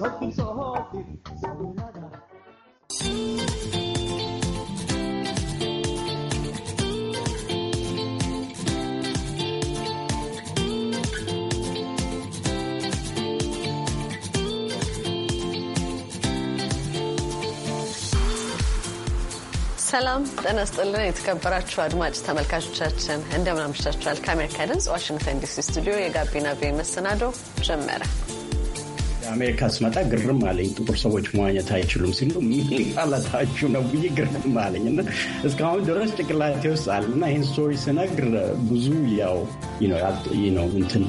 ሰላም ጤና ይስጥልን። የተከበራችሁ አድማጭ ተመልካቾቻችን እንደምን አምሽታችኋል? ከአሜሪካ ድምጽ ዋሽንግተን ዲሲ ስቱዲዮ የጋቢና ቪኦኤ መሰናዶ ጀመረ። አሜሪካ ስመጣ ግርም አለኝ። ጥቁር ሰዎች መዋኘት አይችሉም ሲሉ ምን ማለታችሁ ነው ብዬ ግርም አለኝ እና እስካሁን ድረስ ጭቅላቴ ውስጥ አለ እና ይህን ስቶሪ ስነግር ብዙ ያው እንትን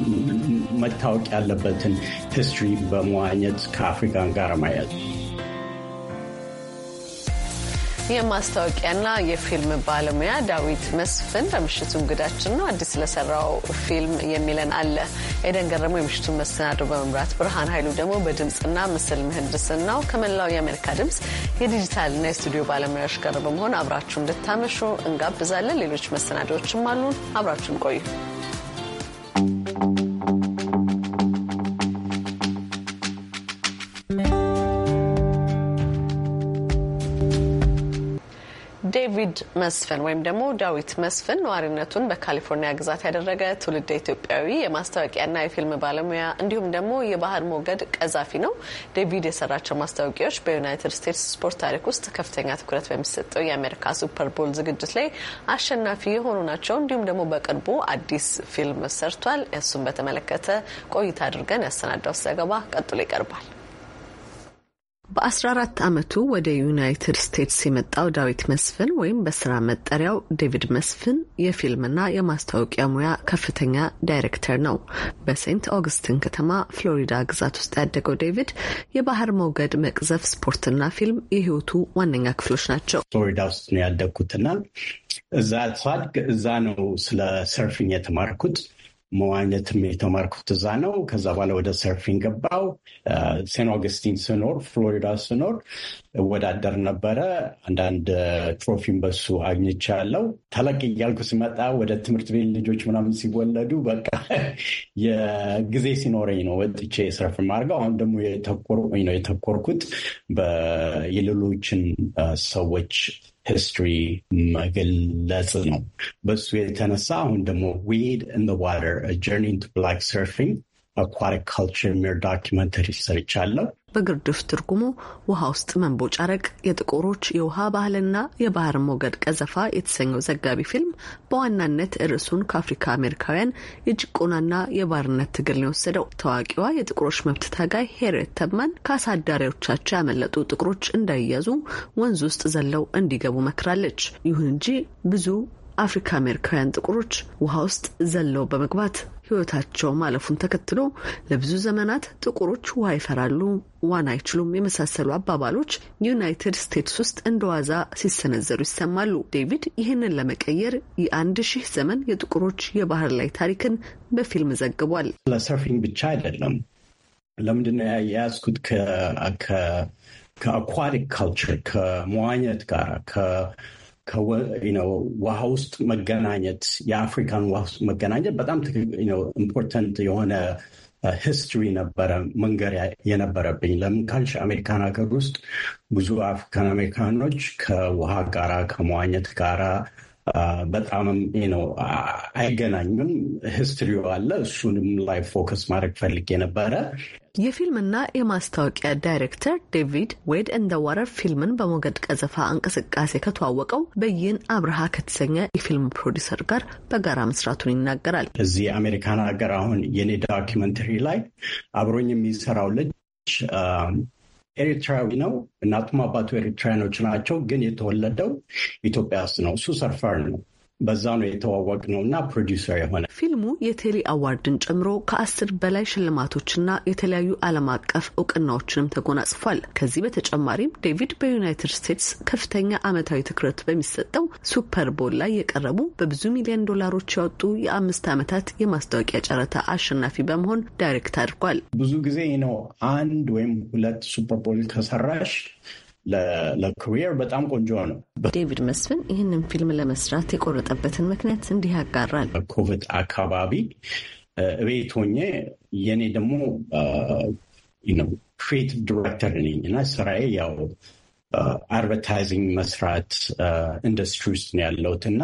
መታወቅ ያለበትን ሂስትሪ በመዋኘት ከአፍሪካን ጋር ማያዝ የማስታወቂያና የፊልም ባለሙያ ዳዊት መስፍን በምሽቱ እንግዳችን ነው። አዲስ ለሰራው ፊልም የሚለን አለ ኤደን ገረሞ የምሽቱን መሰናዶ በመምራት ብርሃን ኃይሉ ደግሞ በድምፅና ምስል ምህንድስናው ከመላው የአሜሪካ ድምፅ የዲጂታልና የስቱዲዮ ባለሙያዎች ጋር በመሆን አብራችሁ እንድታመሹ እንጋብዛለን። ሌሎች መሰናዶዎችም አሉን። አብራችሁን ቆዩ። መስፍን ወይም ደግሞ ዳዊት መስፍን ነዋሪነቱን በካሊፎርኒያ ግዛት ያደረገ ትውልደ ኢትዮጵያዊ የማስታወቂያና የፊልም ባለሙያ እንዲሁም ደግሞ የባህር ሞገድ ቀዛፊ ነው። ዴቪድ የሰራቸው ማስታወቂያዎች በዩናይትድ ስቴትስ ስፖርት ታሪክ ውስጥ ከፍተኛ ትኩረት በሚሰጠው የአሜሪካ ሱፐርቦል ዝግጅት ላይ አሸናፊ የሆኑ ናቸው። እንዲሁም ደግሞ በቅርቡ አዲስ ፊልም ሰርቷል። እሱን በተመለከተ ቆይታ አድርገን ያሰናዳው ዘገባ ቀጥሎ ይቀርባል። በ14 ዓመቱ ወደ ዩናይትድ ስቴትስ የመጣው ዳዊት መስፍን ወይም በስራ መጠሪያው ዴቪድ መስፍን የፊልምና የማስታወቂያ ሙያ ከፍተኛ ዳይሬክተር ነው። በሴንት ኦግስትን ከተማ ፍሎሪዳ ግዛት ውስጥ ያደገው ዴቪድ የባህር ሞገድ መቅዘፍ ስፖርትና ፊልም የህይወቱ ዋነኛ ክፍሎች ናቸው። ፍሎሪዳ ውስጥ ነው ያደግኩትና እዛ እዛ ነው ስለ ሰርፊንግ የተማርኩት። መዋኘትም የተማርኩት እዛ ነው። ከዛ በኋላ ወደ ሰርፊን ገባው። ሴን ኦገስቲን ስኖር ፍሎሪዳ ስኖር እወዳደር ነበረ። አንዳንድ ትሮፊን በሱ አግኝቻለሁ። ተለቅ እያልኩ ሲመጣ ወደ ትምህርት ቤት ልጆች ምናምን ሲወለዱ በቃ የጊዜ ሲኖረኝ ነው ወጥቼ ሰርፍ ማድረገው። አሁን ደግሞ የተኮርኩት በየሌሎችን ሰዎች ሂስትሪ መግለጽ ነው። በሱ የተነሳ አሁን ደግሞ ዊድ ኢን ዘ ዋተር ጀርኒ ኢንቱ ብላክ ሰርፊንግ አኳሪክ ካልቸር የሚር ዶኪመንተሪ ሰርቻለሁ። በግርድፍ ትርጉሙ ውሃ ውስጥ መንቦጫረቅ የጥቁሮች የውሃ ባህልና የባህር ሞገድ ቀዘፋ የተሰኘው ዘጋቢ ፊልም በዋናነት ርዕሱን ከአፍሪካ አሜሪካውያን የጭቆናና የባርነት ትግል ነው የወሰደው። ታዋቂዋ የጥቁሮች መብት ታጋይ ሄሬት ተብማን ከአሳዳሪዎቻቸው ያመለጡ ጥቁሮች እንዳይያዙ ወንዝ ውስጥ ዘለው እንዲገቡ መክራለች። ይሁን እንጂ ብዙ አፍሪካ አሜሪካውያን ጥቁሮች ውሃ ውስጥ ዘለው በመግባት ሕይወታቸው ማለፉን ተከትሎ ለብዙ ዘመናት ጥቁሮች ውሃ ይፈራሉ፣ ዋና አይችሉም የመሳሰሉ አባባሎች ዩናይትድ ስቴትስ ውስጥ እንደ ዋዛ ሲሰነዘሩ ይሰማሉ። ዴቪድ ይህንን ለመቀየር የአንድ ሺህ ዘመን የጥቁሮች የባህር ላይ ታሪክን በፊልም ዘግቧል። ለሰርፊንግ ብቻ አይደለም። ለምንድነው የያዝኩት ከአኳቲክ ካልቸር ከመዋኘት ጋር ውሃ ውስጥ መገናኘት የአፍሪካን ውሃ ውስጥ መገናኘት በጣም ኢምፖርተንት የሆነ ሂስትሪ uh, ነበረ መንገር የነበረብኝ። ለምን ካልሽ አሜሪካን ሀገር ውስጥ ብዙ አፍሪካን አሜሪካኖች ከውሃ ጋራ ከመዋኘት ጋራ uh, በጣምም ነው አይገናኙም። ሂስትሪው አለ። እሱንም ላይ ፎከስ ማድረግ ፈልጌ ነበረ። የፊልምና የማስታወቂያ ዳይሬክተር ዴቪድ ዌድ እንደ ወረር ፊልምን በሞገድ ቀዘፋ እንቅስቃሴ ከተዋወቀው በይን አብርሃ ከተሰኘ የፊልም ፕሮዲሰር ጋር በጋራ መስራቱን ይናገራል። እዚህ የአሜሪካን ሀገር አሁን የኔ ዳኪመንተሪ ላይ አብሮኝ የሚሰራው ልጅ ኤሪትራዊ ነው። እናቱም አባቱ ኤሪትራያኖች ናቸው፣ ግን የተወለደው ኢትዮጵያ ውስጥ ነው። እሱ ሰርፈር ነው በዛ ነው የተዋወቅ ነው እና ፕሮዲሰር የሆነ ፊልሙ የቴሌ አዋርድን ጨምሮ ከአስር በላይ ሽልማቶችና የተለያዩ ዓለም አቀፍ እውቅናዎችንም ተጎናጽፏል። ከዚህ በተጨማሪም ዴቪድ በዩናይትድ ስቴትስ ከፍተኛ ዓመታዊ ትኩረት በሚሰጠው ሱፐር ቦል ላይ የቀረቡ በብዙ ሚሊዮን ዶላሮች ያወጡ የአምስት ዓመታት የማስታወቂያ ጨረታ አሸናፊ በመሆን ዳይሬክት አድርጓል። ብዙ ጊዜ ነው አንድ ወይም ሁለት ሱፐር ቦል ከሰራሽ ለኮሪየር በጣም ቆንጆ ነው። ዴቪድ መስፍን ይህንን ፊልም ለመስራት የቆረጠበትን ምክንያት እንዲህ ያጋራል። ኮቪድ አካባቢ እቤት ሆኜ የእኔ ደግሞ ክሬቲቭ ዲሬክተር ነኝ እና ስራዬ ያው አድቨርታይዚንግ መስራት ኢንዱስትሪ ውስጥ ነው ያለሁት እና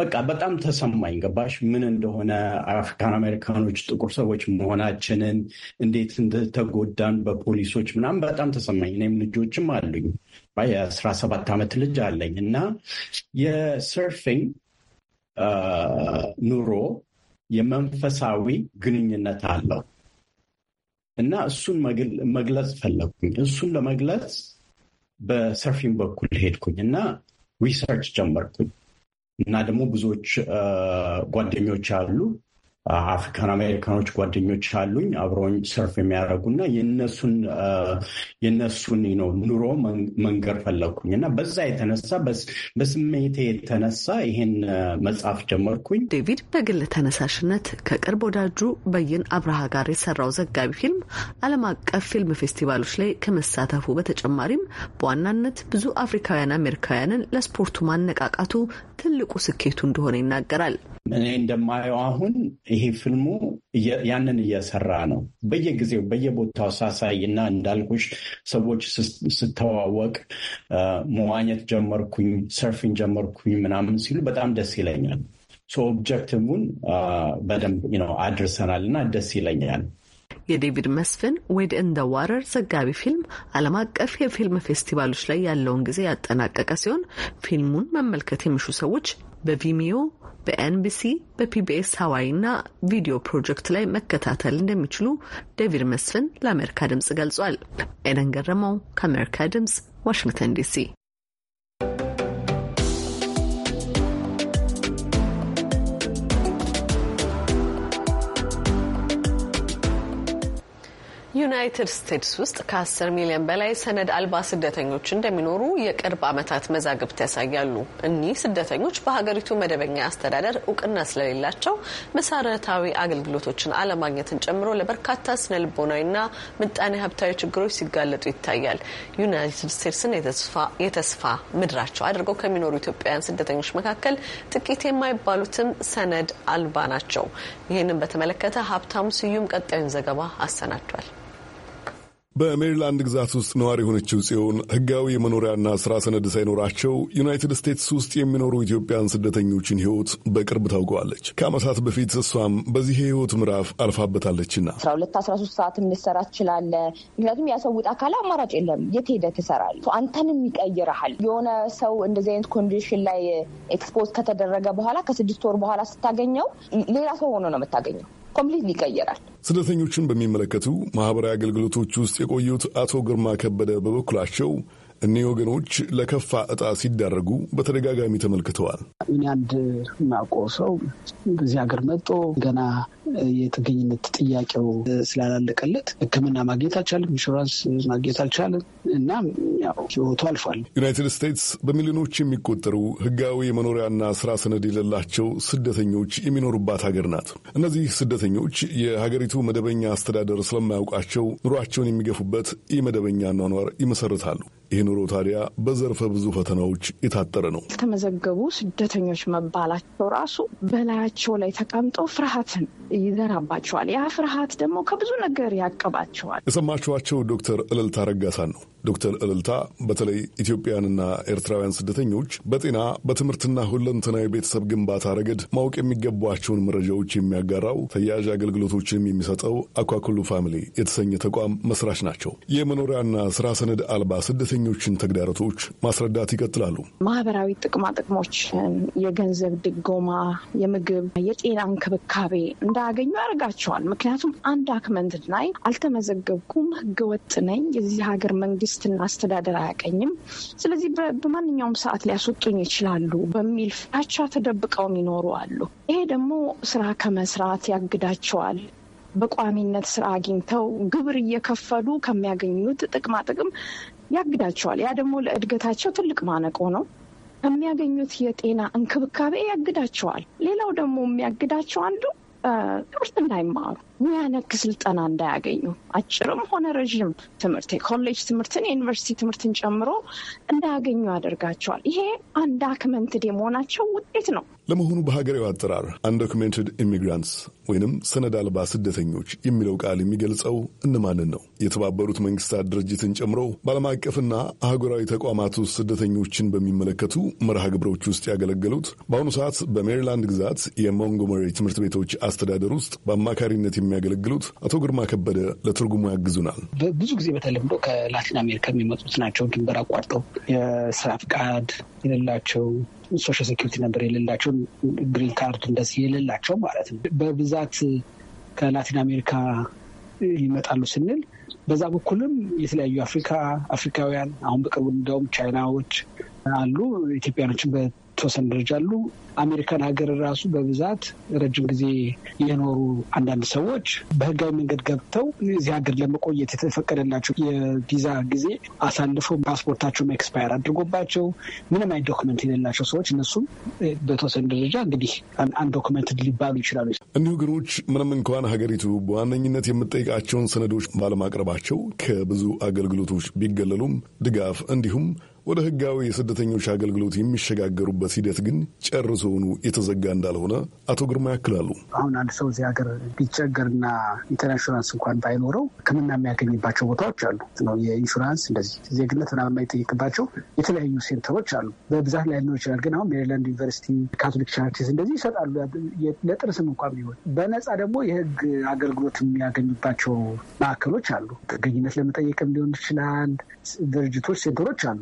በቃ በጣም ተሰማኝ። ገባሽ ምን እንደሆነ አፍሪካን አሜሪካኖች ጥቁር ሰዎች መሆናችንን እንዴት እንደተጎዳን በፖሊሶች ምናምን በጣም ተሰማኝ። እኔም ልጆችም አሉኝ የአስራ ሰባት ዓመት ልጅ አለኝ እና የሰርፊንግ ኑሮ የመንፈሳዊ ግንኙነት አለው እና እሱን መግለጽ ፈለጉኝ እሱን ለመግለጽ በሰርፊንግ በኩል ሄድኩኝ እና ሪሰርች ጀመርኩኝ እና ደግሞ ብዙዎች ጓደኞች አሉ አፍሪካን አሜሪካኖች ጓደኞች አሉኝ አብረውኝ ሰርፍ የሚያደርጉና የነሱን የነሱን ነው ኑሮ መንገር ፈለግኩኝ እና በዛ የተነሳ በስሜቴ የተነሳ ይሄን መጽሐፍ ጀመርኩኝ። ዴቪድ በግል ተነሳሽነት ከቅርብ ወዳጁ በይን አብርሃ ጋር የሰራው ዘጋቢ ፊልም ዓለም አቀፍ ፊልም ፌስቲቫሎች ላይ ከመሳተፉ በተጨማሪም በዋናነት ብዙ አፍሪካውያን አሜሪካውያንን ለስፖርቱ ማነቃቃቱ ትልቁ ስኬቱ እንደሆነ ይናገራል። እኔ እንደማየው አሁን ይሄ ፊልሙ ያንን እየሰራ ነው። በየጊዜው በየቦታው ሳሳይ እና እንዳልኩሽ ሰዎች ስተዋወቅ መዋኘት ጀመርኩኝ፣ ሰርፊን ጀመርኩኝ ምናምን ሲሉ በጣም ደስ ይለኛል። ኦብጀክቲቭን በደንብ አድርሰናል እና ደስ ይለኛል። የዴቪድ መስፍን ዌድ እንደ ዋረር ዘጋቢ ፊልም ዓለም አቀፍ የፊልም ፌስቲቫሎች ላይ ያለውን ጊዜ ያጠናቀቀ ሲሆን ፊልሙን መመልከት የሚሹ ሰዎች በቪሚዮ በኤንቢሲ በፒቢኤስ ሀዋይ እና ቪዲዮ ፕሮጀክት ላይ መከታተል እንደሚችሉ ዴቪድ መስፍን ለአሜሪካ ድምጽ ገልጿል። ኤደን ገረመው ከአሜሪካ ድምጽ ዋሽንግተን ዲሲ ዩናይትድ ስቴትስ ውስጥ ከ10 ሚሊዮን በላይ ሰነድ አልባ ስደተኞች እንደሚኖሩ የቅርብ ዓመታት መዛግብት ያሳያሉ። እኒህ ስደተኞች በሀገሪቱ መደበኛ አስተዳደር እውቅና ስለሌላቸው መሰረታዊ አገልግሎቶችን አለማግኘትን ጨምሮ ለበርካታ ስነ ልቦናዊና ምጣኔ ሀብታዊ ችግሮች ሲጋለጡ ይታያል። ዩናይትድ ስቴትስን የተስፋ ምድራቸው አድርገው ከሚኖሩ ኢትዮጵያውያን ስደተኞች መካከል ጥቂት የማይባሉትም ሰነድ አልባ ናቸው። ይህንን በተመለከተ ሀብታሙ ስዩም ቀጣዩን ዘገባ አሰናድቷል። በሜሪላንድ ግዛት ውስጥ ነዋሪ የሆነችው ጽዮን ህጋዊ የመኖሪያና ስራ ሰነድ ሳይኖራቸው ዩናይትድ ስቴትስ ውስጥ የሚኖሩ ኢትዮጵያን ስደተኞችን ህይወት በቅርብ ታውቀዋለች። ከዓመታት በፊት እሷም በዚህ የህይወት ምዕራፍ አልፋበታለችና አስራ ሁለት አስራ ሶስት ሰዓት ልትሰራ ትችላለ ምክንያቱም ያሰውጥ አካል አማራጭ የለም። የት ሄደ ትሰራል። አንተንም ይቀይርሃል። የሆነ ሰው እንደዚህ አይነት ኮንዲሽን ላይ ኤክስፖዝ ከተደረገ በኋላ ከስድስት ወር በኋላ ስታገኘው ሌላ ሰው ሆኖ ነው የምታገኘው። ኮምፕሊት ይቀይራል። ስደተኞቹን በሚመለከቱ ማህበራዊ አገልግሎቶች ውስጥ የቆዩት አቶ ግርማ ከበደ በበኩላቸው እኒህ ወገኖች ለከፋ እጣ ሲዳረጉ በተደጋጋሚ ተመልክተዋል። እኔ አንድ ማቆ ሰው በዚህ ሀገር መጦ ገና የጥገኝነት ጥያቄው ስላላለቀለት ሕክምና ማግኘት አልቻለም፣ ኢንሹራንስ ማግኘት አልቻለም እና ያው ሕይወቱ አልፏል። ዩናይትድ ስቴትስ በሚሊዮኖች የሚቆጠሩ ህጋዊ የመኖሪያና ስራ ሰነድ የሌላቸው ስደተኞች የሚኖሩባት ሀገር ናት። እነዚህ ስደተኞች የሀገሪቱ መደበኛ አስተዳደር ስለማያውቃቸው ኑሯቸውን የሚገፉበት ኢ መደበኛ ኗኗር ይመሰርታሉ። ይህ ኑሮ ታዲያ በዘርፈ ብዙ ፈተናዎች የታጠረ ነው። ያልተመዘገቡ ስደተኞች መባላቸው ራሱ በላያቸው ላይ ተቀምጦ ፍርሃትን ይዘራባቸዋል። ያ ፍርሃት ደግሞ ከብዙ ነገር ያቀባቸዋል። የሰማችኋቸው ዶክተር እልልታ ረጋሳን ነው። ዶክተር እልልታ በተለይ ኢትዮጵያውያንና ኤርትራውያን ስደተኞች በጤና በትምህርትና ሁለንተናዊ ቤተሰብ ግንባታ ረገድ ማወቅ የሚገባቸውን መረጃዎች የሚያጋራው ተያያዥ አገልግሎቶችንም የሚሰጠው አኳኩሉ ፋሚሊ የተሰኘ ተቋም መስራች ናቸው። የመኖሪያና ስራ ሰነድ አልባ ስደተኞችን ተግዳሮቶች ማስረዳት ይቀጥላሉ። ማህበራዊ ጥቅማ ጥቅሞችን፣ የገንዘብ ድጎማ፣ የምግብ፣ የጤና እንክብካቤ እንዳያገኙ ያደርጋቸዋል። ምክንያቱም አንድ አክመንት ላይ አልተመዘገብኩም፣ ህገወጥ ነኝ፣ የዚህ ሀገር መንግስት የክርስትና አስተዳደር አያቀኝም፣ ስለዚህ በማንኛውም ሰዓት ሊያስወጡኝ ይችላሉ በሚል ፍራቻ ተደብቀው የሚኖሩ አሉ። ይሄ ደግሞ ስራ ከመስራት ያግዳቸዋል። በቋሚነት ስራ አግኝተው ግብር እየከፈሉ ከሚያገኙት ጥቅማጥቅም ያግዳቸዋል። ያ ደግሞ ለእድገታቸው ትልቅ ማነቆ ነው። ከሚያገኙት የጤና እንክብካቤ ያግዳቸዋል። ሌላው ደግሞ የሚያግዳቸው አንዱ ትምህርት እንዳይማሩ ሙያ ነክ ስልጠና እንዳያገኙ አጭርም ሆነ ረዥም ትምህርት የኮሌጅ ትምህርትን የዩኒቨርሲቲ ትምህርትን ጨምሮ እንዳያገኙ ያደርጋቸዋል። ይሄ አንድ አክመንትድ የመሆናቸው ውጤት ነው። ለመሆኑ በሀገሬው አጠራር አንዶክሜንትድ ኢሚግራንትስ ወይንም ሰነድ አልባ ስደተኞች የሚለው ቃል የሚገልጸው እነማንን ነው? የተባበሩት መንግስታት ድርጅትን ጨምሮ በዓለም አቀፍና አህጉራዊ ተቋማት ውስጥ ስደተኞችን በሚመለከቱ መርሃ ግብሮች ውስጥ ያገለገሉት በአሁኑ ሰዓት በሜሪላንድ ግዛት የሞንጎመሪ ትምህርት ቤቶች አስተዳደር ውስጥ በአማካሪነት የሚያገለግሉት አቶ ግርማ ከበደ ለትርጉሙ ያግዙናል። ብዙ ጊዜ በተለምዶ ከላቲን አሜሪካ የሚመጡት ናቸው። ድንበር አቋርጠው የስራ ፍቃድ የሌላቸው ሶሻል ሴኪሪቲ ነበር የሌላቸው ግሪን ካርድ እንደዚህ የሌላቸው ማለት ነው። በብዛት ከላቲን አሜሪካ ይመጣሉ ስንል በዛ በኩልም የተለያዩ አፍሪካ አፍሪካውያን አሁን በቅርቡ እንደውም ቻይናዎች አሉ ኢትዮጵያኖችን በተወሰነ ደረጃ አሉ። አሜሪካን ሀገር ራሱ በብዛት ረጅም ጊዜ የኖሩ አንዳንድ ሰዎች በህጋዊ መንገድ ገብተው እዚህ ሀገር ለመቆየት የተፈቀደላቸው የቪዛ ጊዜ አሳልፈው ፓስፖርታቸውም ኤክስፓየር አድርጎባቸው ምንም አይነት ዶክመንት የሌላቸው ሰዎች እነሱም በተወሰነ ደረጃ እንግዲህ አንድ ዶክመንት ሊባሉ ይችላሉ። እኒሁ ሀገሮች ምንም እንኳን ሀገሪቱ በዋነኝነት የምጠይቃቸውን ሰነዶች ባለማቅረባቸው ከብዙ አገልግሎቶች ቢገለሉም ድጋፍ እንዲሁም ወደ ህጋዊ የስደተኞች አገልግሎት የሚሸጋገሩበት ሂደት ግን ጨርሶውኑ የተዘጋ እንዳልሆነ አቶ ግርማ ያክላሉ። አሁን አንድ ሰው እዚህ ሀገር ቢቸገርና ኢንሹራንስ እንኳን ባይኖረው ሕክምና የሚያገኝባቸው ቦታዎች አሉ ነው የኢንሹራንስ እንደዚህ ዜግነት ምናምን የማይጠይቅባቸው የተለያዩ ሴንተሮች አሉ። በብዛት ላይ ሊኖር ይችላል፣ ግን አሁን ሜሪላንድ ዩኒቨርሲቲ፣ ካቶሊክ ቻርቲስ እንደዚህ ይሰጣሉ። ለጥርስም እንኳ ቢሆን በነፃ ደግሞ የህግ አገልግሎት የሚያገኙባቸው ማዕከሎች አሉ። ጥገኝነት ለመጠየቅም ሊሆን ይችላል። ድርጅቶች ሴንተሮች አሉ።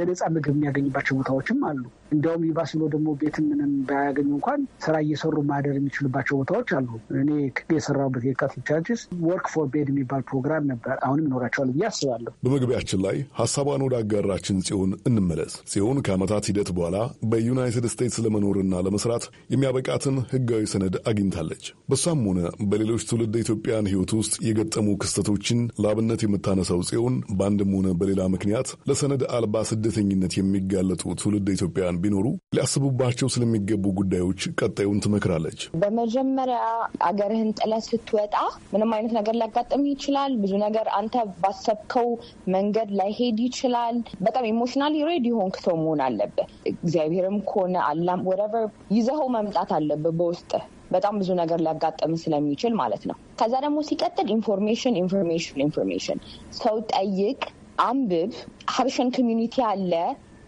የነፃ ምግብ የሚያገኝባቸው ቦታዎችም አሉ። እንዲያውም ይባስ ብሎ ደግሞ ቤት ምንም ባያገኙ እንኳን ስራ እየሰሩ ማደር የሚችሉባቸው ቦታዎች አሉ። እኔ የሰራሁበት የካቶሊክ ቻርጅስ ወርክ ፎር ቤድ የሚባል ፕሮግራም ነበር። አሁንም ይኖራቸዋል ብዬ አስባለሁ። በመግቢያችን ላይ ሀሳቧን ወደ አጋራችን ጽዮን እንመለስ። ጽዮን ከዓመታት ሂደት በኋላ በዩናይትድ ስቴትስ ለመኖርና ለመስራት የሚያበቃትን ህጋዊ ሰነድ አግኝታለች። በሷም ሆነ በሌሎች ትውልድ ኢትዮጵያን ህይወት ውስጥ የገጠሙ ክስተቶችን ለአብነት የምታነሳው ጽዮን በአንድም ሆነ በሌላ ምክንያት ለሰነድ አልባ ስደተኝነት የሚጋለጡ ትውልድ ኢትዮጵያን ቢኖሩ ሊያስቡባቸው ስለሚገቡ ጉዳዮች ቀጣዩን ትመክራለች። በመጀመሪያ አገርህን ጥለት ስትወጣ ምንም አይነት ነገር ሊያጋጥም ይችላል። ብዙ ነገር አንተ ባሰብከው መንገድ ላይሄድ ይችላል። በጣም ኢሞሽናሊ ሬዲ ሆንክ ሰው መሆን አለብህ። እግዚአብሔርም ከሆነ አላም ወረቨር ይዘኸው መምጣት አለብህ በውስጥ በጣም ብዙ ነገር ሊያጋጠም ስለሚችል ማለት ነው። ከዛ ደግሞ ሲቀጥል ኢንፎርሜሽን ኢንፎርሜሽን ኢንፎርሜሽን ሰው ጠይቅ፣ አንብብ። ሀበሻን ኮሚኒቲ አለ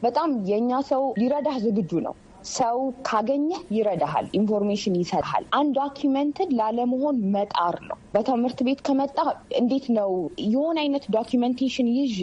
በጣም የእኛ ሰው ሊረዳህ ዝግጁ ነው። ሰው ካገኘህ ይረዳሃል፣ ኢንፎርሜሽን ይሰጥሃል። አንድ ዶኪመንትን ላለመሆን መጣር ነው። በትምህርት ቤት ከመጣ እንዴት ነው የሆነ አይነት ዶኪመንቴሽን ይዤ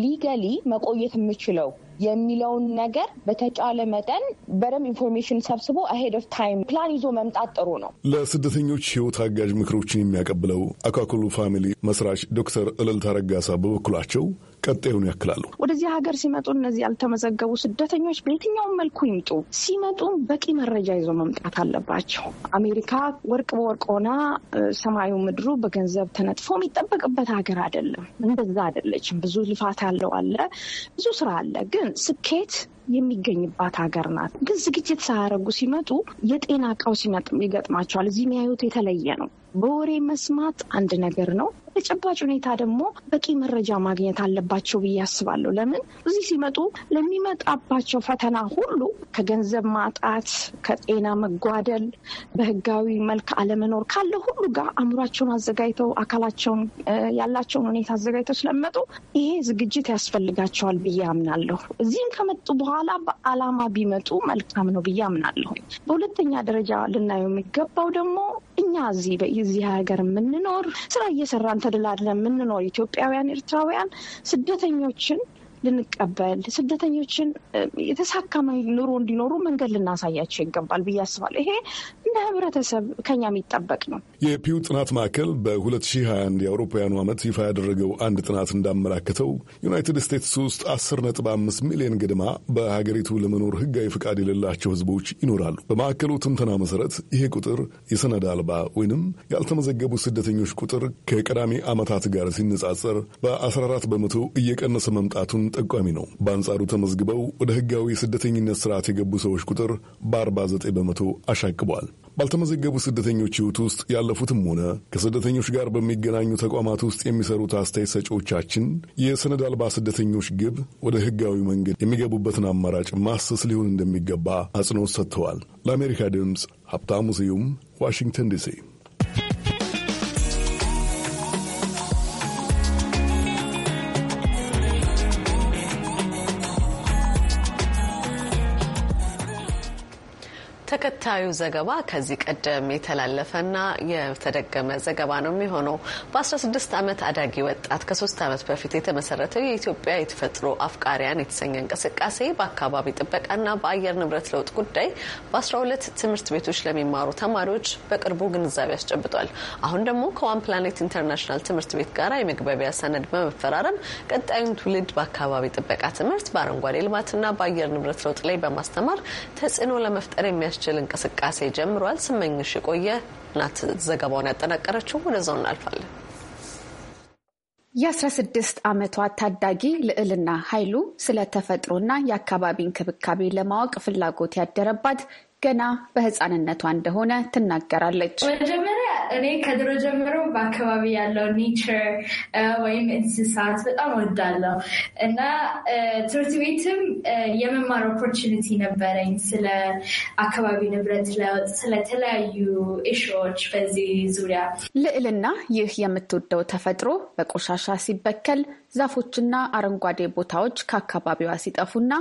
ሊገሊ መቆየት የምችለው የሚለውን ነገር በተጫለ መጠን በደንብ ኢንፎርሜሽን ሰብስቦ አሄድ ኦፍ ታይም ፕላን ይዞ መምጣት ጥሩ ነው። ለስደተኞች ሕይወት አጋዥ ምክሮችን የሚያቀብለው አካክሉ ፋሚሊ መስራች ዶክተር እልልታ ረጋሳ በበኩላቸው ቀጣዩን ያክላሉ። ወደዚህ ሀገር ሲመጡ እነዚህ ያልተመዘገቡ ስደተኞች በየትኛውም መልኩ ይምጡ፣ ሲመጡም በቂ መረጃ ይዞ መምጣት አለባቸው። አሜሪካ ወርቅ በወርቅ ሆና ሰማዩ ምድሩ በገንዘብ ተነጥፎ የሚጠበቅበት ሀገር አይደለም። እንደዛ አይደለችም። ብዙ ልፋት ያለው አለ፣ ብዙ ስራ አለ። ግን ስኬት የሚገኝባት ሀገር ናት። ግን ዝግጅት ሳያደርጉ ሲመጡ የጤና ቀውስ ይገጥማቸዋል። እዚህ የሚያዩት የተለየ ነው። በወሬ መስማት አንድ ነገር ነው። በተጨባጭ ሁኔታ ደግሞ በቂ መረጃ ማግኘት አለባቸው ብዬ አስባለሁ። ለምን እዚህ ሲመጡ ለሚመጣባቸው ፈተና ሁሉ ከገንዘብ ማጣት፣ ከጤና መጓደል፣ በህጋዊ መልክ አለመኖር ካለ ሁሉ ጋር አእምሯቸውን አዘጋጅተው አካላቸውን ያላቸውን ሁኔታ አዘጋጅተው ስለሚመጡ ይሄ ዝግጅት ያስፈልጋቸዋል ብዬ አምናለሁ። እዚህም ከመጡ በኋላ በአላማ ቢመጡ መልካም ነው ብዬ አምናለሁ። በሁለተኛ ደረጃ ልናየው የሚገባው ደግሞ እኛ እዚህ በዚህ ሀገር የምንኖር ስራ እየሰራን ተደላድለን የምንኖር ኢትዮጵያውያን ኤርትራውያን ስደተኞችን ልንቀበል ስደተኞችን የተሳካ ኑሮ እንዲኖሩ መንገድ ልናሳያቸው ይገባል ብዬ አስባለሁ። ይሄ እንደ ህብረተሰብ ከኛ የሚጠበቅ ነው። የፒው ጥናት ማዕከል በ2021 የአውሮፓውያኑ ዓመት ይፋ ያደረገው አንድ ጥናት እንዳመላከተው ዩናይትድ ስቴትስ ውስጥ 5 ሚሊዮን ገድማ በሀገሪቱ ለመኖር ህጋዊ ፈቃድ የሌላቸው ህዝቦች ይኖራሉ። በማዕከሉ ትንተና መሰረት ይሄ ቁጥር የሰነድ አልባ ወይንም ያልተመዘገቡ ስደተኞች ቁጥር ከቀዳሚ ዓመታት ጋር ሲነጻጸር በ14 በመቶ እየቀነሰ መምጣቱን ጠቋሚ ነው። በአንጻሩ ተመዝግበው ወደ ህጋዊ የስደተኝነት ስርዓት የገቡ ሰዎች ቁጥር በ49 በመቶ አሻቅቧል። ባልተመዘገቡ ስደተኞች ህይወት ውስጥ ያለፉትም ሆነ ከስደተኞች ጋር በሚገናኙ ተቋማት ውስጥ የሚሰሩት አስተያየት ሰጪዎቻችን የሰነድ አልባ ስደተኞች ግብ ወደ ህጋዊ መንገድ የሚገቡበትን አማራጭ ማሰስ ሊሆን እንደሚገባ አጽንኦት ሰጥተዋል። ለአሜሪካ ድምፅ ሀብታሙ ስዩም ዋሽንግተን ዲሲ ተከታዩ ዘገባ ከዚህ ቀደም የተላለፈና የተደገመ ዘገባ ነው የሚሆነው። በ16 ዓመት አዳጊ ወጣት ከሶስት ዓመት በፊት የተመሰረተው የኢትዮጵያ የተፈጥሮ አፍቃሪያን የተሰኘ እንቅስቃሴ በአካባቢ ጥበቃና በአየር ንብረት ለውጥ ጉዳይ በ12 ትምህርት ቤቶች ለሚማሩ ተማሪዎች በቅርቡ ግንዛቤ አስጨብጧል። አሁን ደግሞ ከዋን ፕላኔት ኢንተርናሽናል ትምህርት ቤት ጋር የመግባቢያ ሰነድ በመፈራረም ቀጣዩን ትውልድ በአካባቢ ጥበቃ ትምህርት በአረንጓዴ ልማትና በአየር ንብረት ለውጥ ላይ በማስተማር ተጽዕኖ ለመፍጠር የሚያስ የሚያስችል እንቅስቃሴ ጀምሯል። ስመኝሽ የቆየ ናት ዘገባውን ያጠናቀረችው። ወደዛው እናልፋለን። የ16 ዓመቷ ታዳጊ ልዕልና ኃይሉ ስለ ተፈጥሮና የአካባቢ እንክብካቤ ለማወቅ ፍላጎት ያደረባት ገና በህፃንነቷ እንደሆነ ትናገራለች። መጀመሪያ እኔ ከድሮ ጀምሮ በአካባቢ ያለው ኔቸር ወይም እንስሳት በጣም ወዳለው እና ትምህርት ቤትም የመማር ኦፖርቹኒቲ ነበረኝ ስለ አካባቢ ንብረት ለውጥ፣ ስለተለያዩ ኢሹዎች በዚህ ዙሪያ ልዕልና ይህ የምትወደው ተፈጥሮ በቆሻሻ ሲበከል ዛፎችና አረንጓዴ ቦታዎች ከአካባቢዋ ሲጠፉና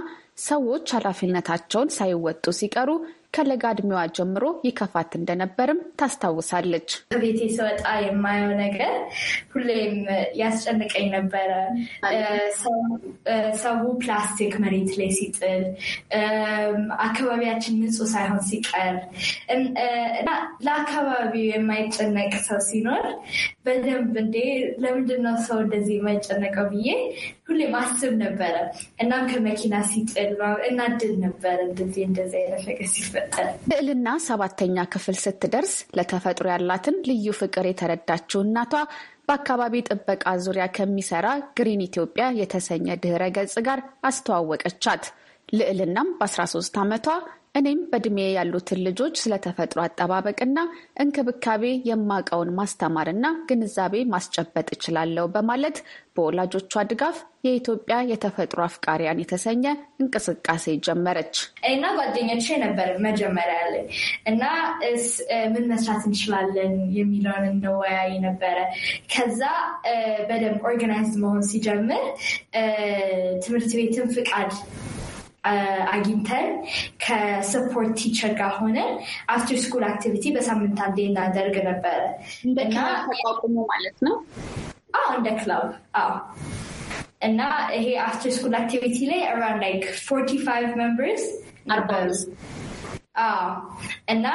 ሰዎች ኃላፊነታቸውን ሳይወጡ ሲቀሩ ከለጋ እድሜዋ ጀምሮ ይከፋት እንደነበርም ታስታውሳለች። ቤቴ ስወጣ የማየው ነገር ሁሌም ያስጨንቀኝ ነበረ። ሰው ፕላስቲክ መሬት ላይ ሲጥል፣ አካባቢያችን ንጹህ ሳይሆን ሲቀር ለአካባቢው የማይጨነቅ ሰው ሲኖር በደንብ እንዴ ለምንድነው ሰው እንደዚህ የማይጨነቀው ብዬ ሁሌ ማስብ ነበረ። እናም ከመኪና ሲጥል እናድል ነበር እንደዚህ እንደዚህ አይነት ሲፈጠር። ልዕልና ሰባተኛ ክፍል ስትደርስ ለተፈጥሮ ያላትን ልዩ ፍቅር የተረዳችው እናቷ በአካባቢ ጥበቃ ዙሪያ ከሚሰራ ግሪን ኢትዮጵያ የተሰኘ ድህረ ገጽ ጋር አስተዋወቀቻት። ልዕልናም በ13 ዓመቷ እኔም በእድሜ ያሉትን ልጆች ስለተፈጥሮ አጠባበቅና እንክብካቤ የማውቀውን ማስተማርና ግንዛቤ ማስጨበጥ እችላለሁ በማለት በወላጆቿ ድጋፍ የኢትዮጵያ የተፈጥሮ አፍቃሪያን የተሰኘ እንቅስቃሴ ጀመረች እና ጓደኞቼ ነበር መጀመሪያ ላይ እና ምን መስራት እንችላለን የሚለውን እንወያይ ነበረ። ከዛ በደንብ ኦርጋናይዝ መሆን ሲጀምር ትምህርት ቤትን ፍቃድ አግኝተን ከስፖርት ቲቸር ጋር ሆነ አፍተር ስኩል አክቲቪቲ በሳምንት አንዴ እናደርግ ነበረ። እንደ ክላብ ተቋቁሞ ማለት ነው። አዎ እንደ ክላብ አዎ። እና ይሄ አፍተር ስኩል አክቲቪቲ ላይ አራውንድ ላይክ ፎርቲ ፋይቭ ሜምበርስ ነበሩ እና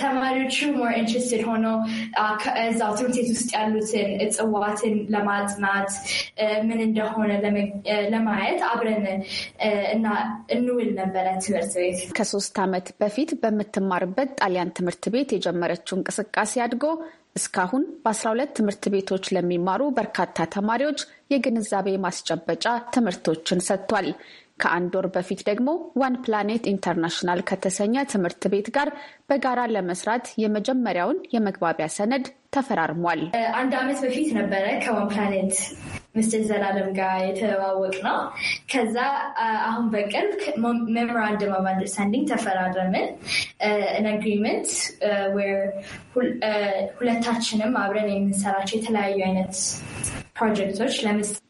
ተማሪዎቹ ሞር ኢንትረስትድ ሆኖ እዛው ትምህርት ቤት ውስጥ ያሉትን እጽዋትን ለማጥናት ምን እንደሆነ ለማየት አብረን እና እንውል ነበረ ትምህርት ቤት። ከሶስት ዓመት በፊት በምትማርበት ጣሊያን ትምህርት ቤት የጀመረችው እንቅስቃሴ አድጎ እስካሁን በ12 ትምህርት ቤቶች ለሚማሩ በርካታ ተማሪዎች የግንዛቤ ማስጨበጫ ትምህርቶችን ሰጥቷል። ከአንድ ወር በፊት ደግሞ ዋን ፕላኔት ኢንተርናሽናል ከተሰኘ ትምህርት ቤት ጋር በጋራ ለመስራት የመጀመሪያውን የመግባቢያ ሰነድ ተፈራርሟል። አንድ ዓመት በፊት ነበረ ከዋን ፕላኔት ምስል ዘላለም ጋር የተዋወቅ ነው። ከዛ አሁን በቅርብ ሜሞራንድም ኦፍ አንደርስታንዲንግ ተፈራረምን። አግሪመንት uh, uh, ሁለታችንም አብረን የምንሰራቸው የተለያዩ አይነት ፕሮጀክቶች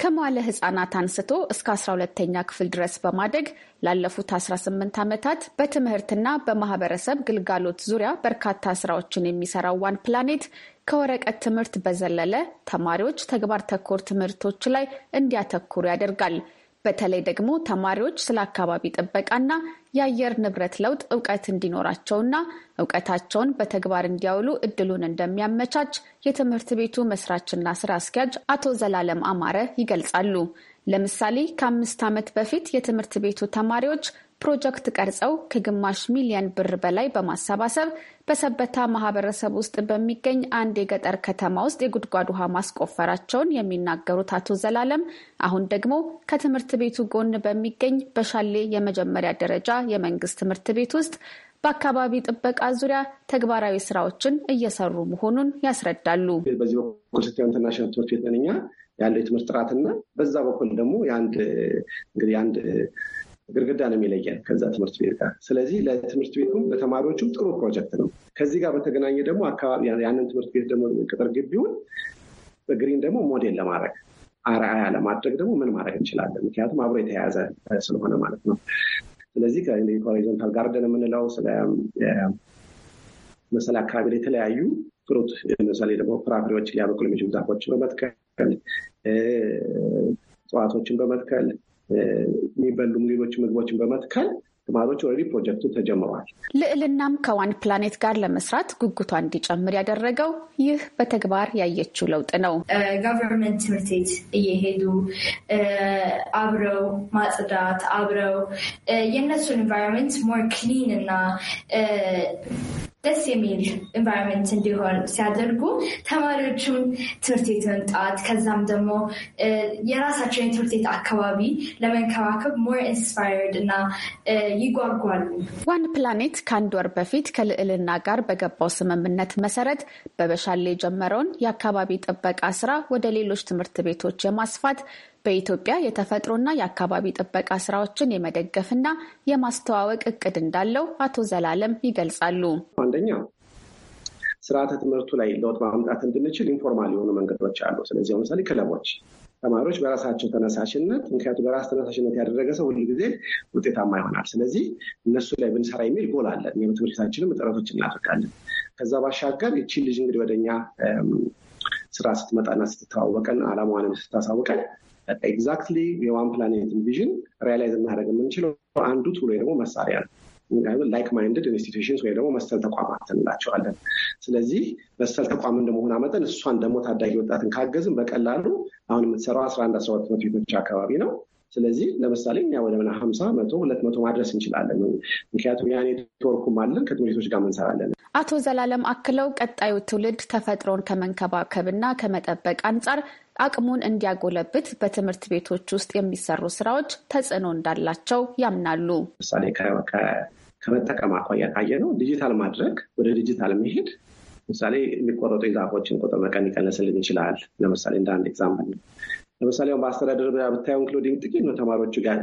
ከመዋለ ህጻናት አንስቶ እስከ 12ተኛ ክፍል ድረስ በማደግ ላለፉት 18 ዓመታት በትምህርትና በማህበረሰብ ግልጋሎት ዙሪያ በርካታ ስራዎችን የሚሰራው ዋን ፕላኔት ከወረቀት ትምህርት በዘለለ ተማሪዎች ተግባር ተኮር ትምህርቶች ላይ እንዲያተኩሩ ያደርጋል። በተለይ ደግሞ ተማሪዎች ስለ አካባቢ ጥበቃና የአየር ንብረት ለውጥ እውቀት እንዲኖራቸውና እውቀታቸውን በተግባር እንዲያውሉ እድሉን እንደሚያመቻች የትምህርት ቤቱ መስራችና ስራ አስኪያጅ አቶ ዘላለም አማረ ይገልጻሉ። ለምሳሌ ከአምስት ዓመት በፊት የትምህርት ቤቱ ተማሪዎች ፕሮጀክት ቀርጸው ከግማሽ ሚሊየን ብር በላይ በማሰባሰብ በሰበታ ማህበረሰብ ውስጥ በሚገኝ አንድ የገጠር ከተማ ውስጥ የጉድጓድ ውሃ ማስቆፈራቸውን የሚናገሩት አቶ ዘላለም አሁን ደግሞ ከትምህርት ቤቱ ጎን በሚገኝ በሻሌ የመጀመሪያ ደረጃ የመንግስት ትምህርት ቤት ውስጥ በአካባቢ ጥበቃ ዙሪያ ተግባራዊ ስራዎችን እየሰሩ መሆኑን ያስረዳሉ። በዚህ በኩል ስቲያ ኢንተርናሽናል ትምህርት ቤት ነን እኛ ያለው የትምህርት ጥራትና በዛ በኩል ደግሞ የአንድ ግድግዳ ነው የሚለየን ከዛ ትምህርት ቤት ጋር። ስለዚህ ለትምህርት ቤቱም ለተማሪዎቹም ጥሩ ፕሮጀክት ነው። ከዚህ ጋር በተገናኘ ደግሞ አካባቢ ያንን ትምህርት ቤት ደግሞ ቅጥር ግቢውን በግሪን ደግሞ ሞዴል ለማድረግ አርአያ ለማድረግ ደግሞ ምን ማድረግ እንችላለን? ምክንያቱም አብሮ የተያያዘ ስለሆነ ማለት ነው። ስለዚህ ከሆሪዞንታል ጋርደን የምንለው ስለ መሰለ አካባቢ ላይ የተለያዩ ፍሩት ለምሳሌ ደግሞ ፍራፍሬዎች ሊያበቅሉ የሚችሉ ዛፎችን በመትከል እጽዋቶችን በመትከል የሚበሉም ሌሎች ምግቦችን በመትከል ተማሪዎች ኦልሬዲ ፕሮጀክቱ ተጀምረዋል። ልዕልናም ከዋን ፕላኔት ጋር ለመስራት ጉጉቷ እንዲጨምር ያደረገው ይህ በተግባር ያየችው ለውጥ ነው። ጋቨርንመንት ትምህርት ቤት እየሄዱ አብረው ማጽዳት፣ አብረው የእነሱን ኢንቫይሮንመንት ሞር ክሊን እና ደስ የሚል ኤንቫይሮንመንት እንዲሆን ሲያደርጉ ተማሪዎችም ትምህርት ቤት መምጣት ከዛም ደግሞ የራሳቸውን የትምህርት ቤት አካባቢ ለመንከባከብ ሞር ኢንስፓየርድ እና ይጓጓሉ። ዋን ፕላኔት ከአንድ ወር በፊት ከልዕልና ጋር በገባው ስምምነት መሰረት በበሻሌ የጀመረውን የአካባቢ ጥበቃ ስራ ወደ ሌሎች ትምህርት ቤቶች የማስፋት በኢትዮጵያ የተፈጥሮና የአካባቢ ጥበቃ ስራዎችን የመደገፍና የማስተዋወቅ እቅድ እንዳለው አቶ ዘላለም ይገልጻሉ። አንደኛው ስርዓተ ትምህርቱ ላይ ለውጥ ማምጣት እንድንችል ኢንፎርማል የሆኑ መንገዶች አሉ። ስለዚህ ለምሳሌ ክለቦች፣ ተማሪዎች በራሳቸው ተነሳሽነት ምክንያቱም በራስ ተነሳሽነት ያደረገ ሰው ሁል ጊዜ ውጤታማ ይሆናል። ስለዚህ እነሱ ላይ ብንሰራ የሚል ጎል አለን። በትምህርት ቤታችንም ጥረቶች እናደርጋለን። ከዛ ባሻገር ይቺን ልጅ እንግዲህ ወደኛ ስራ ስትመጣና ስትተዋወቀን አላማዋንም ስታሳውቀን ኤግዛክትሊ የዋን ፕላኔትን ቪዥን ሪያላይዝ እናደረግ የምንችለው አንዱ ቱሎ ደግሞ መሳሪያ ነው። ላይክ ማይንድድ ኢንስቲቱሽንስ ወይ ደግሞ መሰል ተቋማት እንላቸዋለን። ስለዚህ መሰል ተቋም እንደመሆን መጠን እሷን ደግሞ ታዳጊ ወጣትን ካገዝም በቀላሉ አሁን የምትሰራው አስራ አንድ አስራ ሁለት ቤቶች አካባቢ ነው። ስለዚህ ለምሳሌ እኛ ወደ ምና ሀምሳ መቶ ሁለት መቶ ማድረስ እንችላለን። ምክንያቱም ያ ኔትወርኩም አለን ከትምህርት ጋር እንሰራለን። አቶ ዘላለም አክለው ቀጣዩ ትውልድ ተፈጥሮን ከመንከባከብና ከመጠበቅ አንጻር አቅሙን እንዲያጎለብት በትምህርት ቤቶች ውስጥ የሚሰሩ ስራዎች ተጽዕኖ እንዳላቸው ያምናሉ። ምሳሌ ከመጠቀም አኳያ ካየ ነው ዲጂታል ማድረግ ወደ ዲጂታል መሄድ ምሳሌ የሚቆረጡ የዛፎችን ቁጥር መቀን ሊቀንስልን ይችላል። ለምሳሌ እንደ አንድ ኤግዛምፕል ነው። ለምሳሌ በአስተዳደር ብታየው ኢንክሉዲንግ ጥቂት ነው ተማሪዎቹ ጋር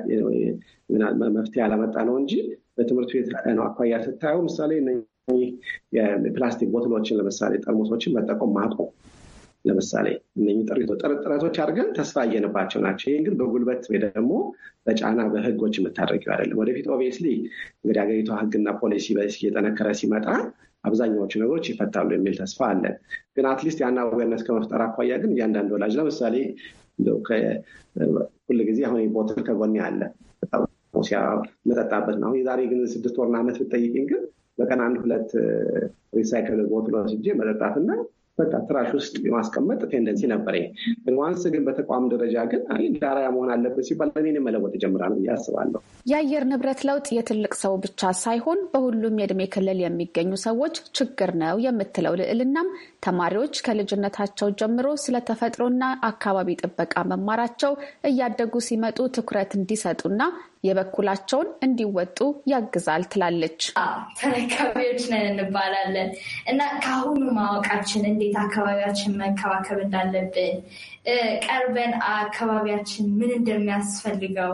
መፍትሄ ያላመጣ ነው እንጂ በትምህርት ቤት ነው አኳያ ስታየው ምሳሌ የፕላስቲክ ቦትሎችን ለምሳሌ ጠርሙሶችን መጠቆም ማቆም ለምሳሌ እነህ ጥረቶች አድርገን ተስፋ እየንባቸው ናቸው። ይህን ግን በጉልበት ወይ ደግሞ በጫና በህጎች የምታደርገው አይደለም። ወደፊት ኦብቪየስሊ እንግዲህ ሀገሪቷ ህግና ፖሊሲ በስ እየጠነከረ ሲመጣ አብዛኛዎቹ ነገሮች ይፈታሉ የሚል ተስፋ አለ። ግን አትሊስት ያን አዌርነት ከመፍጠር አኳያ ግን እያንዳንድ ወላጅ ለምሳሌ ጊዜ አሁን ቦትል ከጎኔ አለ መጠጣበት ነው። አሁን የዛሬ ግን ስድስት ወርና ዓመት ብጠይቅኝ ግን በቀን አንድ ሁለት ሪሳይክል ቦትል ወስጄ መጠጣትና በቃ ትራሽ ውስጥ የማስቀመጥ ቴንደንሲ ነበረኝ። ግን ዋንስ ግን በተቋም ደረጃ ግን ዳራያ መሆን አለበት ሲባል እኔን መለወጥ እጀምራለሁ ብዬ አስባለሁ። የአየር ንብረት ለውጥ የትልቅ ሰው ብቻ ሳይሆን በሁሉም የእድሜ ክልል የሚገኙ ሰዎች ችግር ነው የምትለው ልዕልናም ተማሪዎች ከልጅነታቸው ጀምሮ ስለ ተፈጥሮና አካባቢ ጥበቃ መማራቸው እያደጉ ሲመጡ ትኩረት እንዲሰጡና የበኩላቸውን እንዲወጡ ያግዛል ትላለች። ተረካቢዎች ነን እንባላለን እና ከአሁኑ ማወቃችን እንዴት አካባቢያችን መንከባከብ እንዳለብን ቀርበን አካባቢያችን ምን እንደሚያስፈልገው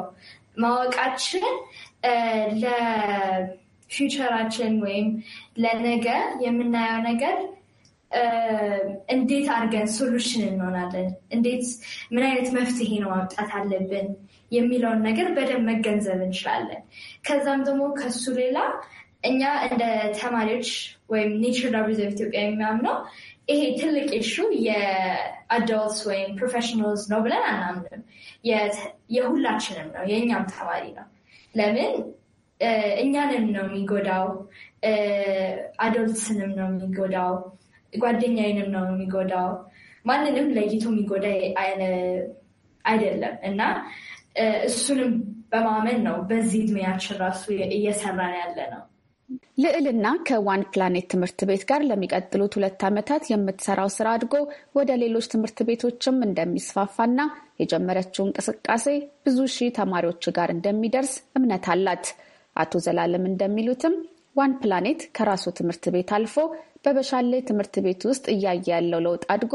ማወቃችን ለፊውቸራችን ወይም ለነገ የምናየው ነገር እንዴት አድርገን ሶሉሽን እንሆናለን፣ እንዴት ምን አይነት መፍትሄ ነው ማምጣት አለብን የሚለውን ነገር በደንብ መገንዘብ እንችላለን። ከዛም ደግሞ ከሱ ሌላ እኛ እንደ ተማሪዎች ወይም ኔቸር ዳር ሪዘርቭ ኢትዮጵያ የሚያምነው ይሄ ትልቅ ኢሹ የአዶልትስ ወይም ፕሮፌሽናልስ ነው ብለን አናምንም። የሁላችንም ነው፣ የእኛም ተማሪ ነው። ለምን እኛንም ነው የሚጎዳው፣ አዶልትስንም ነው የሚጎዳው ጓደኛዬንም ነው የሚጎዳው። ማንንም ለይቶ የሚጎዳ አይደለም እና እሱንም በማመን ነው በዚህ እድሜያችን ራሱ እየሰራን ያለ ነው። ልዕልና ከዋን ፕላኔት ትምህርት ቤት ጋር ለሚቀጥሉት ሁለት ዓመታት የምትሰራው ስራ አድጎ ወደ ሌሎች ትምህርት ቤቶችም እንደሚስፋፋና የጀመረችው እንቅስቃሴ ብዙ ሺህ ተማሪዎች ጋር እንደሚደርስ እምነት አላት። አቶ ዘላለም እንደሚሉትም ዋን ፕላኔት ከራሱ ትምህርት ቤት አልፎ በበሻሌ ትምህርት ቤት ውስጥ እያየ ያለው ለውጥ አድጎ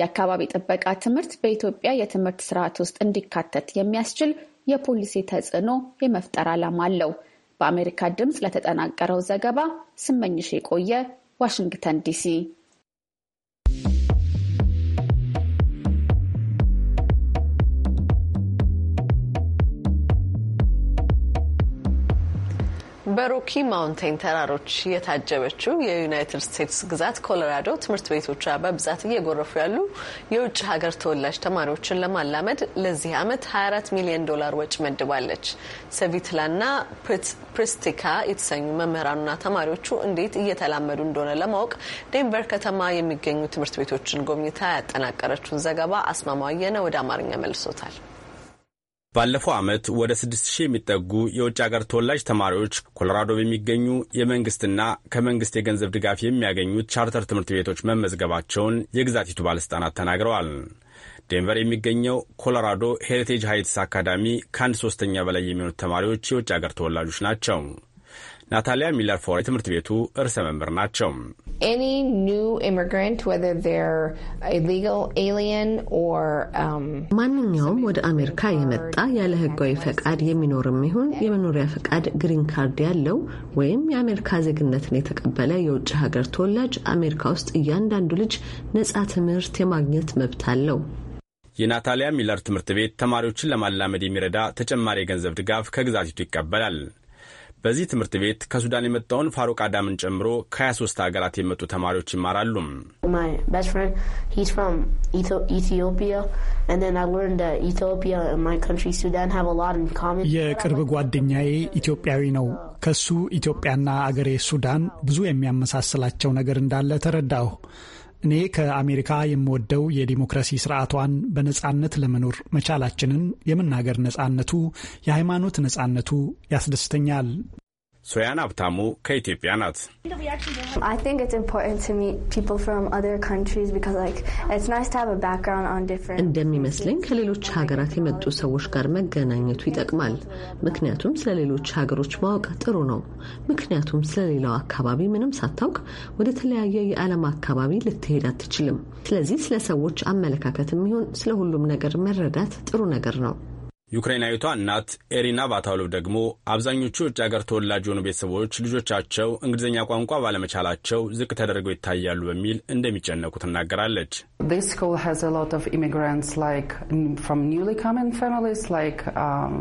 የአካባቢ ጥበቃ ትምህርት በኢትዮጵያ የትምህርት ስርዓት ውስጥ እንዲካተት የሚያስችል የፖሊሲ ተጽዕኖ የመፍጠር ዓላማ አለው። በአሜሪካ ድምፅ ለተጠናቀረው ዘገባ ስመኝሽ የቆየ ዋሽንግተን ዲሲ በሮኪ ማውንቴን ተራሮች የታጀበችው የዩናይትድ ስቴትስ ግዛት ኮሎራዶ ትምህርት ቤቶቿ በብዛት እየጎረፉ ያሉ የውጭ ሀገር ተወላጅ ተማሪዎችን ለማላመድ ለዚህ ዓመት 24 ሚሊዮን ዶላር ወጪ መድባለች። ሰቪትላና ፕሪስቲካ የተሰኙ መምህራኑና ተማሪዎቹ እንዴት እየተላመዱ እንደሆነ ለማወቅ ዴንቨር ከተማ የሚገኙ ትምህርት ቤቶችን ጎብኝታ ያጠናቀረችውን ዘገባ አስማማው አየነ ወደ አማርኛ መልሶታል። ባለፈው ዓመት ወደ 6000 የሚጠጉ የውጭ አገር ተወላጅ ተማሪዎች ኮሎራዶ በሚገኙ የመንግስትና ከመንግስት የገንዘብ ድጋፍ የሚያገኙት ቻርተር ትምህርት ቤቶች መመዝገባቸውን የግዛቲቱ ባለሥልጣናት ተናግረዋል። ዴንቨር የሚገኘው ኮሎራዶ ሄሪቴጅ ሃይትስ አካዳሚ ከአንድ ሶስተኛ በላይ የሚሆኑት ተማሪዎች የውጭ አገር ተወላጆች ናቸው። ናታሊያ ሚለር ፎር የትምህርት ቤቱ እርሰ መምህር ናቸው። um, ማንኛውም ወደ አሜሪካ የመጣ ያለ ህጋዊ ፈቃድ የሚኖርም ይሁን የመኖሪያ ፈቃድ ግሪን ካርድ ያለው ወይም የአሜሪካ ዜግነትን የተቀበለ የውጭ ሀገር ተወላጅ አሜሪካ ውስጥ እያንዳንዱ ልጅ ነጻ ትምህርት የማግኘት መብት አለው። የናታሊያ ሚለር ትምህርት ቤት ተማሪዎችን ለማላመድ የሚረዳ ተጨማሪ የገንዘብ ድጋፍ ከግዛቲቱ ይቀበላል። በዚህ ትምህርት ቤት ከሱዳን የመጣውን ፋሩቅ አዳምን ጨምሮ ከ23 ሀገራት የመጡ ተማሪዎች ይማራሉ። የቅርብ ጓደኛዬ ኢትዮጵያዊ ነው። ከሱ ኢትዮጵያና አገሬ ሱዳን ብዙ የሚያመሳስላቸው ነገር እንዳለ ተረዳሁ። እኔ ከአሜሪካ የምወደው የዲሞክራሲ ስርዓቷን በነጻነት ለመኖር መቻላችንን፣ የመናገር ነጻነቱ፣ የሃይማኖት ነጻነቱ ያስደስተኛል። ሶያን ሀብታሙ ከኢትዮጵያ ናት። እንደሚመስለኝ ከሌሎች ሀገራት የመጡ ሰዎች ጋር መገናኘቱ ይጠቅማል። ምክንያቱም ስለ ሌሎች ሀገሮች ማወቅ ጥሩ ነው። ምክንያቱም ስለ ሌላው አካባቢ ምንም ሳታውቅ ወደ ተለያየ የዓለም አካባቢ ልትሄድ አትችልም። ስለዚህ ስለ ሰዎች አመለካከት የሚሆን ስለ ሁሉም ነገር መረዳት ጥሩ ነገር ነው። ዩክሬናዊቷ እናት ኤሪና ቫታውሎቭ ደግሞ አብዛኞቹ የውጭ ሀገር ተወላጅ የሆኑ ቤተሰቦች ልጆቻቸው እንግሊዝኛ ቋንቋ ባለመቻላቸው ዝቅ ተደርገው ይታያሉ በሚል እንደሚጨነቁ ትናገራለች። um,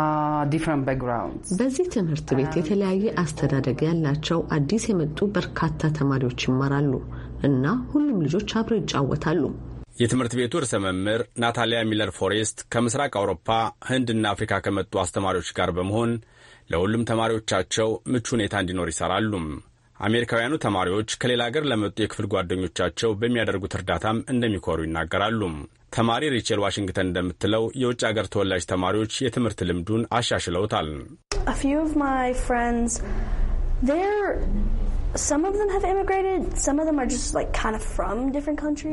uh, በዚህ ትምህርት ቤት የተለያየ አስተዳደግ ያላቸው አዲስ የመጡ በርካታ ተማሪዎች ይማራሉ እና ሁሉም ልጆች አብረው ይጫወታሉ። የትምህርት ቤቱ ርዕሰ መምህር ናታሊያ ሚለር ፎሬስት ከምስራቅ አውሮፓ ህንድና አፍሪካ ከመጡ አስተማሪዎች ጋር በመሆን ለሁሉም ተማሪዎቻቸው ምቹ ሁኔታ እንዲኖር ይሰራሉ። አሜሪካውያኑ ተማሪዎች ከሌላ አገር ለመጡ የክፍል ጓደኞቻቸው በሚያደርጉት እርዳታም እንደሚኮሩ ይናገራሉ። ተማሪ ሪቸል ዋሽንግተን እንደምትለው የውጭ አገር ተወላጅ ተማሪዎች የትምህርት ልምዱን አሻሽለውታል።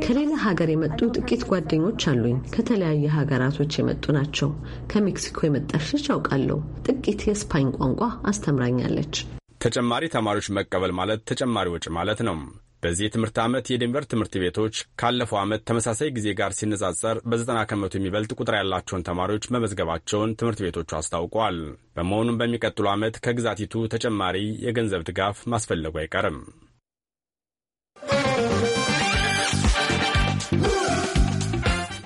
ከሌላ ሀገር የመጡ ጥቂት ጓደኞች አሉኝ። ከተለያየ ሀገራቶች የመጡ ናቸው። ከሜክሲኮ የመጣች ልጅ አውቃለሁ። ጥቂት የስፓኝ ቋንቋ አስተምራኛለች። ተጨማሪ ተማሪዎች መቀበል ማለት ተጨማሪ ወጪ ማለት ነው። በዚህ የትምህርት ዓመት የዴንቨር ትምህርት ቤቶች ካለፈው ዓመት ተመሳሳይ ጊዜ ጋር ሲነጻጸር በዘጠና ከመቶ የሚበልጥ ቁጥር ያላቸውን ተማሪዎች መመዝገባቸውን ትምህርት ቤቶቹ አስታውቋል። በመሆኑም በሚቀጥሉ ዓመት ከግዛቲቱ ተጨማሪ የገንዘብ ድጋፍ ማስፈለጉ አይቀርም።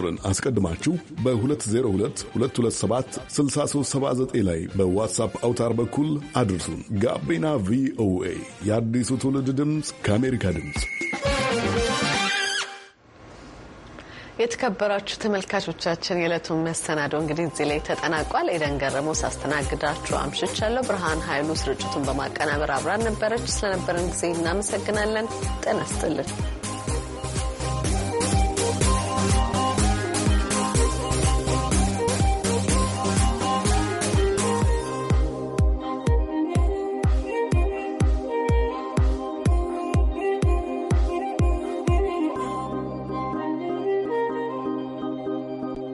ቁጥርን አስቀድማችሁ በ2022276379 ላይ በዋትሳፕ አውታር በኩል አድርሱን። ጋቢና ቪኦኤ የአዲሱ ትውልድ ድምፅ ከአሜሪካ ድምፅ የተከበራችሁ ተመልካቾቻችን የዕለቱን መሰናዶ እንግዲህ እዚህ ላይ ተጠናቋል። ኤደን ገረመው ሳስተናግዳችሁ አምሽቻለሁ። ብርሃን ኃይሉ ስርጭቱን በማቀናበር አብራን ነበረች። ስለነበረን ጊዜ እናመሰግናለን። ጤና ይስጥልን።